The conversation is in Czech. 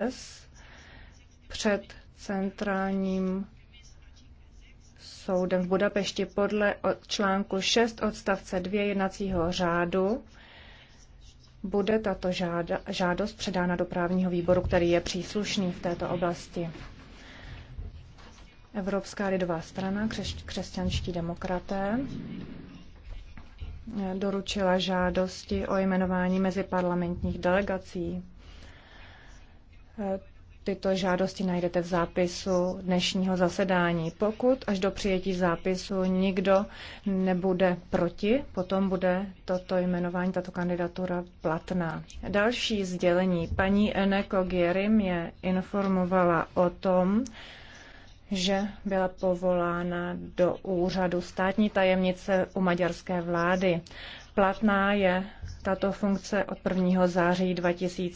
dnes před centrálním soudem v Budapešti podle článku 6 odstavce 2 jednacího řádu bude tato žádost předána do právního výboru, který je příslušný v této oblasti. Evropská lidová strana, křes, křesťanští demokraté, doručila žádosti o jmenování meziparlamentních delegací. Tyto žádosti najdete v zápisu dnešního zasedání. Pokud až do přijetí zápisu nikdo nebude proti, potom bude toto jmenování, tato kandidatura platná. Další sdělení. Paní Eneko Gieri mě informovala o tom, že byla povolána do úřadu státní tajemnice u maďarské vlády. Platná je tato funkce od 1. září 2000.